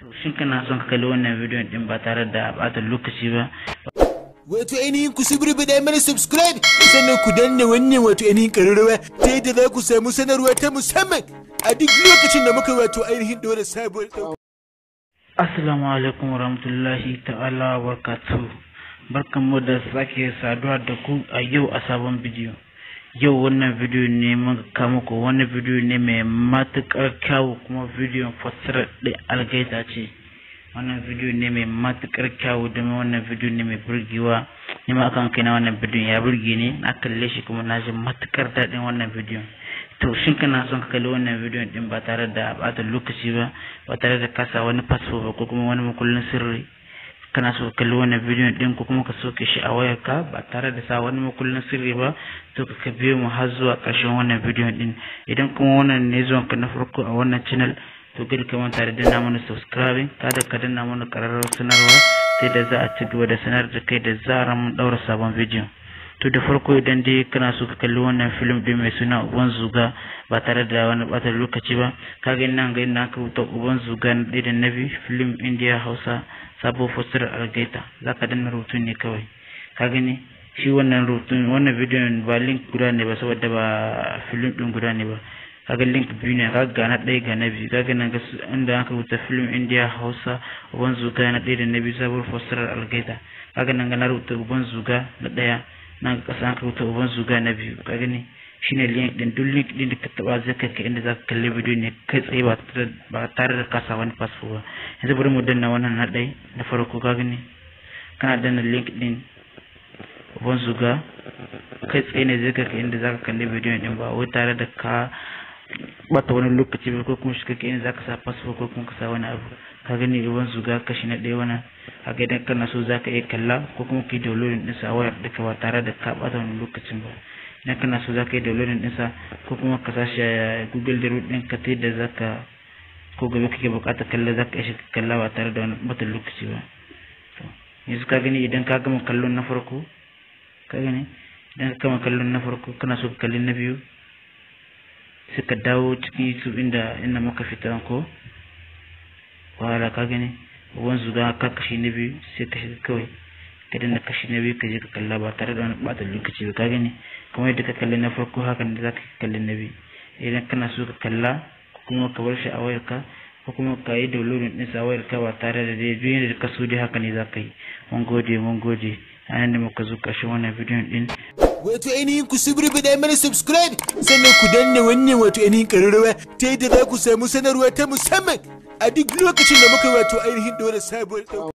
to shin kana son ka kalli wannan bidiyon din ba tare da bata lokaci ba wato ainihin ku da mana subscribe sannan ku danna wannan wato ainihin kararrawa ta yadda za ku samu sanarwa ta musamman a duk lokacin da muka wato ainihin ɗora sabuwar assalamu alaikum rahmatullahi ta'ala barkatu barkanmu da sake saduwa da ku a yau a sabon bidiyo yau wannan video ne ka muku wani video ne mai matukar kyawu kuma video fasara da algaita ce wannan video ne mai matukar kyawu domin wannan video ne mai burgewa ne ma akan kai na wannan video ya burge ne na kalle shi kuma na ji matukar daɗin wannan video to shin kana son ka kalli wannan video din ba tare da ɓata lokaci ba ba tare da kasa wani fasfo ba ko kuma wani makullin sirri kana so ka kalli wannan bidiyon din ko kuma ka soke shi a wayarka ba tare da sa wani makullin sirri ba to ka biyo mu har zuwa ƙarshen wannan bidiyon din idan kuma wannan ne zuwan ka na farko a wannan channel to gari ka manta da danna mana subscribing kada ka danna mana ƙararrawar sanarwa sai da za a ci gaba da sanar da kai da zarar mun ɗaura sabon bidiyon to da farko idan dai kana so ka kalli wannan film din mai suna uban zuga ba tare da wani bata lokaci ba ka ga nan ga na ka wuta uban zuga na ɗaya da na biyu film india hausa sabo fosir algeta za ka danna rubutu ne kawai ka gani shi wannan rubutun wannan bidiyon ba link guda ne ba saboda ba film din guda ne ba kaga link biyu ne kaga ga na ɗaya ga na biyu kaga nan ga inda aka wuta film india hausa uban zuga na ɗaya da na biyu sabo fasarar algeta kaga nan ga na rubuta uban zuga na ɗaya na ga kasa rubuta uban zuga na biyu ka gani shine link din duk link din da ka taba zai kai inda za ka kalli bidiyo ne kai tsaye ba tare da kasa wani fasfo ba yanzu bari mu danna wannan na ɗai na farko ka gani kana danna link din uban zuga kai tsaye ne zai kai inda za ka kalli bidiyo din ba wai tare da ka bata wani lokaci ba ko kuma shi kake yin zaka sa fasfo ko kuma ka sa wani abu ka gani ruwan ga kashi na ɗaya wani a ga idan kana so zaka iya kalla ko kuma ka yi downloading ɗinsa a wayar duka ba tare da ka bata wani lokacin ba idan kana so zaka yi downloading ɗinsa ko kuma ka shi a google da ruɗin ka ta yadda zaka ko gobe kake buƙatar kalla zaka iya shiga kalla ba tare da wani bata lokaci ba yanzu ka gani idan ka gama kallon na farko ka gani idan ka gama kallon na farko kana so ka kalli na biyu suka dawo cikin su inda ina maka fita ko wahala ka gani wani zuga ka kashi na biyu sai ka shiga kawai ka dinga kashi na biyu ka je ka kalla ba tare da wani ɓata lokaci ba ka gani kamar yadda ka kalli na farko hakan da za ka kalli na biyu idan kana so ka kalla ko kuma ka bar shi a wayarka ko kuma ka yi din sa a wayarka ba tare da dai duk da ka so dai haka ne za ka yi mun gode mun gode a nan da muka zo ƙarshen wannan bidiyon din wato ainihin ku da mana subscribe sannan ku danna wannan wato ainihin ƙararrawa ta yadda za ku samu sanarwa ta musamman a duk lokacin da muka wato ainihin dole sabuwar